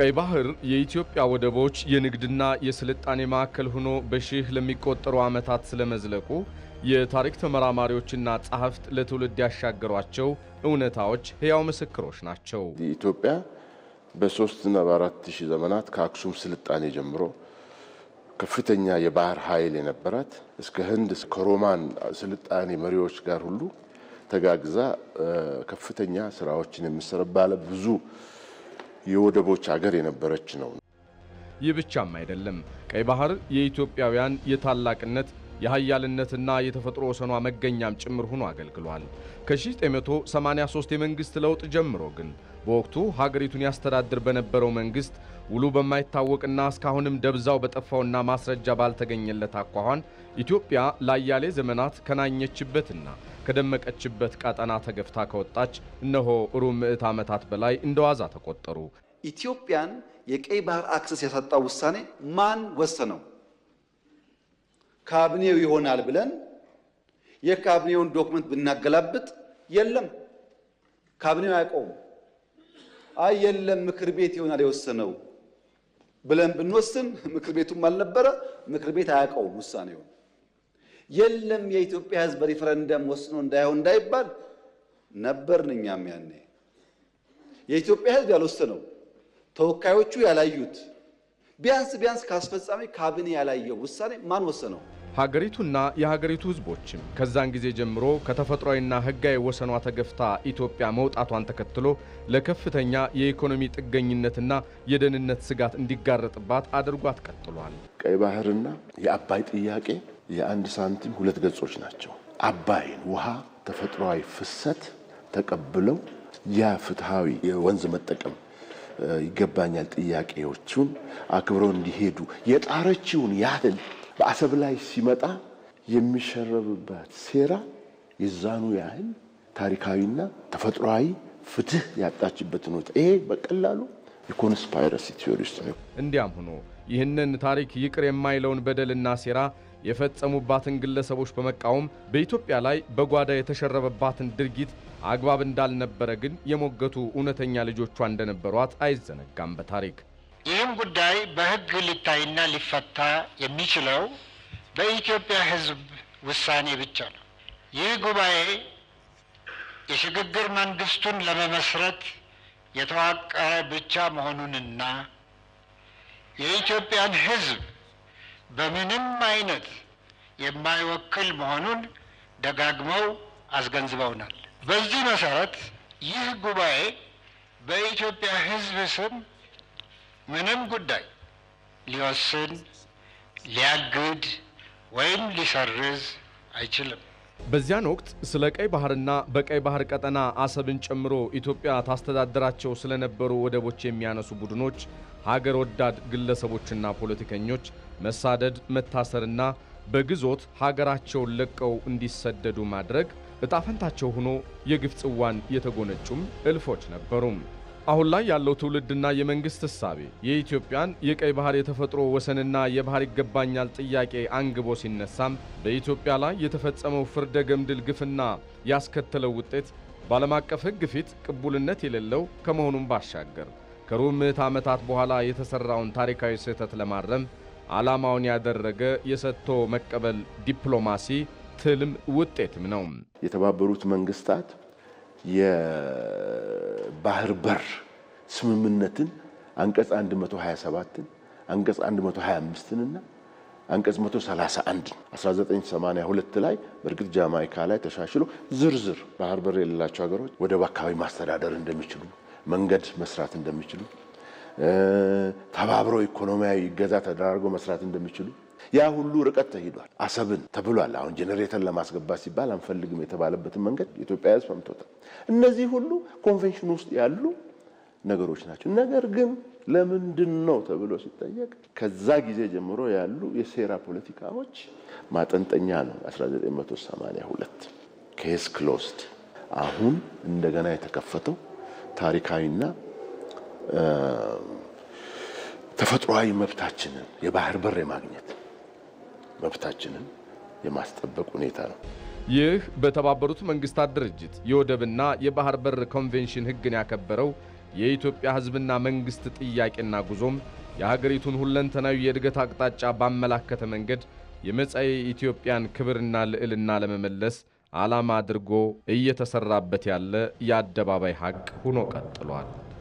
ቀይ ባህር የኢትዮጵያ ወደቦች የንግድና የስልጣኔ ማዕከል ሆኖ በሺህ ለሚቆጠሩ ዓመታት ስለመዝለቁ የታሪክ ተመራማሪዎችና ጸሐፍት ለትውልድ ያሻገሯቸው እውነታዎች ሕያው ምስክሮች ናቸው። ኢትዮጵያ በሶስትና በአራት ሺህ ዘመናት ከአክሱም ስልጣኔ ጀምሮ ከፍተኛ የባህር ኃይል የነበራት እስከ ህንድ ከሮማን ስልጣኔ መሪዎች ጋር ሁሉ ተጋግዛ ከፍተኛ ስራዎችን የምሰራ ባለ ብዙ የወደቦች አገር የነበረች ነው። ይህ ብቻም አይደለም። ቀይ ባህር የኢትዮጵያውያን የታላቅነት የኃያልነትና የተፈጥሮ ወሰኗ መገኛም ጭምር ሆኖ አገልግሏል። ከ1983 የመንግሥት ለውጥ ጀምሮ ግን በወቅቱ ሀገሪቱን ያስተዳድር በነበረው መንግሥት ውሉ በማይታወቅና እስካሁንም ደብዛው በጠፋውና ማስረጃ ባልተገኘለት አኳኋን ኢትዮጵያ ለአያሌ ዘመናት ከናኘችበትና ከደመቀችበት ቀጠና ተገፍታ ከወጣች እነሆ ሩብ ምዕት ዓመታት በላይ እንደዋዛ ተቆጠሩ። ኢትዮጵያን የቀይ ባህር አክሰስ ያሳጣው ውሳኔ ማን ወሰነው? ካቢኔው ይሆናል ብለን የካቢኔውን ዶክመንት ብናገላብጥ የለም፣ ካቢኔው አያውቀውም። አይ የለም ምክር ቤት ይሆናል የወሰነው ብለን ብንወስን ምክር ቤቱም አልነበረ፣ ምክር ቤት አያውቀውም ውሳኔውን የለም የኢትዮጵያ ህዝብ በሪፈረንደም ወስኖ እንዳይሆን እንዳይባል ነበርን። እኛም ያኔ የኢትዮጵያ ህዝብ ያልወሰነው ተወካዮቹ ያላዩት ቢያንስ ቢያንስ ከአስፈጻሚ ካቢኔ ያላየው ውሳኔ ማን ወሰነው? ሀገሪቱና የሀገሪቱ ህዝቦችም ከዛን ጊዜ ጀምሮ ከተፈጥሯዊና ህጋዊ ወሰኗ ተገፍታ ኢትዮጵያ መውጣቷን ተከትሎ ለከፍተኛ የኢኮኖሚ ጥገኝነትና የደህንነት ስጋት እንዲጋረጥባት አድርጓት ቀጥሏል። ቀይ ባህርና የአባይ ጥያቄ የአንድ ሳንቲም ሁለት ገጾች ናቸው። አባይን ውሃ ተፈጥሯዊ ፍሰት ተቀብለው ያ ፍትሐዊ የወንዝ መጠቀም ይገባኛል ጥያቄዎቹን አክብረው እንዲሄዱ የጣረችውን ያህል በአሰብ ላይ ሲመጣ የሚሸረብበት ሴራ የዛኑ ያህል ታሪካዊና ተፈጥሯዊ ፍትህ ያጣችበት ሁኔታ ይሄ በቀላሉ የኮንስፓይረሲ ቲዮሪ ውስጥ ነው። እንዲያም ሆኖ ይህንን ታሪክ ይቅር የማይለውን በደልና ሴራ የፈጸሙባትን ግለሰቦች በመቃወም በኢትዮጵያ ላይ በጓዳ የተሸረበባትን ድርጊት አግባብ እንዳልነበረ ግን የሞገቱ እውነተኛ ልጆቿ እንደነበሯት አይዘነጋም በታሪክ ይህም ጉዳይ በህግ ሊታይና ሊፈታ የሚችለው በኢትዮጵያ ህዝብ ውሳኔ ብቻ ነው። ይህ ጉባኤ የሽግግር መንግስቱን ለመመስረት የተዋቀረ ብቻ መሆኑንና የኢትዮጵያን ህዝብ በምንም አይነት የማይወክል መሆኑን ደጋግመው አስገንዝበውናል። በዚህ መሰረት ይህ ጉባኤ በኢትዮጵያ ህዝብ ስም ምንም ጉዳይ ሊወስን ሊያግድ ወይም ሊሰርዝ አይችልም። በዚያን ወቅት ስለ ቀይ ባህርና በቀይ ባህር ቀጠና አሰብን ጨምሮ ኢትዮጵያ ታስተዳድራቸው ስለነበሩ ወደቦች የሚያነሱ ቡድኖች፣ ሀገር ወዳድ ግለሰቦችና ፖለቲከኞች መሳደድ፣ መታሰርና በግዞት ሀገራቸውን ለቀው እንዲሰደዱ ማድረግ እጣፈንታቸው ሆኖ የግፍ ጽዋን የተጎነጩም እልፎች ነበሩም። አሁን ላይ ያለው ትውልድና የመንግስት እሳቤ የኢትዮጵያን የቀይ ባህር የተፈጥሮ ወሰንና የባህር ይገባኛል ጥያቄ አንግቦ ሲነሳም በኢትዮጵያ ላይ የተፈጸመው ፍርደ ገምድል ግፍና ያስከተለው ውጤት በዓለም አቀፍ ሕግ ፊት ቅቡልነት የሌለው ከመሆኑም ባሻገር ከሩብ ምዕት ዓመታት በኋላ የተሠራውን ታሪካዊ ስህተት ለማረም ዓላማውን ያደረገ የሰጥቶ መቀበል ዲፕሎማሲ ትልም ውጤትም ነው። የተባበሩት መንግስታት የባህር በር ስምምነትን አንቀጽ 127ን አንቀጽ 125 እና አንቀጽ 131 1982 ላይ በእርግጥ ጃማይካ ላይ ተሻሽሎ ዝርዝር ባህር በር የሌላቸው ሀገሮች ወደብ አካባቢ ማስተዳደር እንደሚችሉ፣ መንገድ መስራት እንደሚችሉ፣ ተባብረው ኢኮኖሚያዊ ይገዛ ተደራርጎ መስራት እንደሚችሉ ያ ሁሉ ርቀት ተሂዷል። አሰብን ተብሏል። አሁን ጀኔሬተር ለማስገባት ሲባል አንፈልግም የተባለበትን መንገድ ኢትዮጵያ ሕዝብ ሰምቶታል። እነዚህ ሁሉ ኮንቬንሽን ውስጥ ያሉ ነገሮች ናቸው። ነገር ግን ለምንድን ነው ተብሎ ሲጠየቅ ከዛ ጊዜ ጀምሮ ያሉ የሴራ ፖለቲካዎች ማጠንጠኛ ነው። 1982 ኬስ ክሎስድ። አሁን እንደገና የተከፈተው ታሪካዊና ተፈጥሯዊ መብታችንን የባህር በር የማግኘት መብታችንን የማስጠበቅ ሁኔታ ነው። ይህ በተባበሩት መንግስታት ድርጅት የወደብና የባህር በር ኮንቬንሽን ህግን ያከበረው የኢትዮጵያ ህዝብና መንግስት ጥያቄና ጉዞም የሀገሪቱን ሁለንተናዊ የእድገት አቅጣጫ ባመላከተ መንገድ የመጻኢ ኢትዮጵያን ክብርና ልዕልና ለመመለስ ዓላማ አድርጎ እየተሰራበት ያለ የአደባባይ ሀቅ ሆኖ ቀጥሏል።